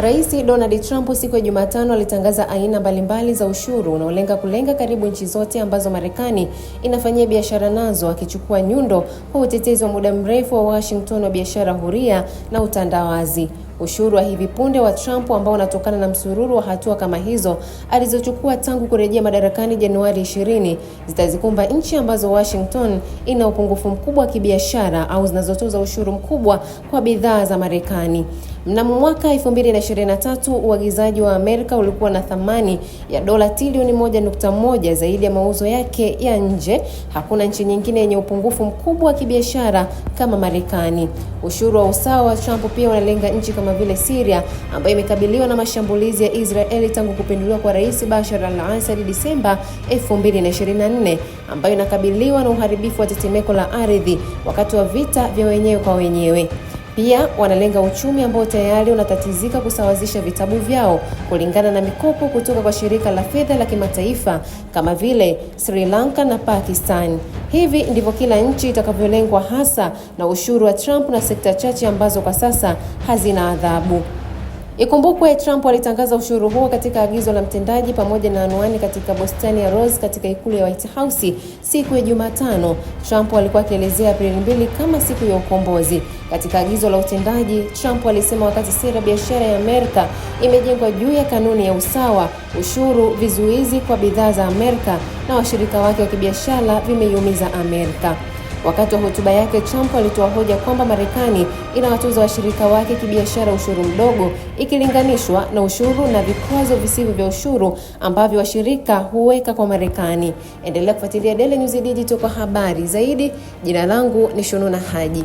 Rais Donald Trump siku ya Jumatano alitangaza aina mbalimbali za ushuru unaolenga kulenga karibu nchi zote ambazo Marekani inafanyia biashara nazo, akichukua nyundo kwa utetezi wa muda mrefu wa Washington wa biashara huria na utandawazi. Ushuru wa hivi punde wa Trump ambao unatokana na msururu wa hatua kama hizo alizochukua tangu kurejea madarakani Januari 20 zitazikumba nchi ambazo Washington ina upungufu mkubwa wa kibiashara au zinazotoza ushuru mkubwa kwa bidhaa za Marekani. Mnamo mwaka 2023 uagizaji wa Amerika ulikuwa na thamani ya dola trilioni 1.1 zaidi ya mauzo yake ya nje. Hakuna nchi nyingine yenye upungufu mkubwa wa kibiashara kama Marekani. Ushuru wa usawa wa Trump pia unalenga nchi kama kama vile Syria ambayo imekabiliwa na mashambulizi ya Israeli tangu kupinduliwa kwa Rais Bashar al-Assad Disemba 2024 ambayo inakabiliwa na uharibifu wa tetemeko la ardhi wakati wa vita vya wenyewe kwa wenyewe. Pia wanalenga uchumi ambao tayari unatatizika kusawazisha vitabu vyao kulingana na mikopo kutoka kwa shirika la fedha la kimataifa kama vile Sri Lanka na Pakistan. Hivi ndivyo kila nchi itakavyolengwa hasa na ushuru wa Trump na sekta chache ambazo kwa sasa hazina adhabu. Ikumbukwe Trump alitangaza ushuru huo katika agizo la mtendaji pamoja na anwani katika bustani ya Rose katika ikulu ya White House siku ya Jumatano. Trump alikuwa akielezea Aprili mbili kama siku ya ukombozi. Katika agizo la utendaji, Trump alisema wakati sera biashara ya Amerika imejengwa juu ya kanuni ya usawa, ushuru vizuizi kwa bidhaa za Amerika na washirika wake wa kibiashara vimeiumiza Amerika. Wakati wa hotuba yake, Trump alitoa hoja kwamba Marekani inawatoza washirika wake kibiashara ushuru mdogo ikilinganishwa na ushuru na vikwazo visivyo vya ushuru ambavyo washirika huweka kwa Marekani. Endelea kufuatilia Daily News Digital kwa habari zaidi. Jina langu ni Shununa Haji.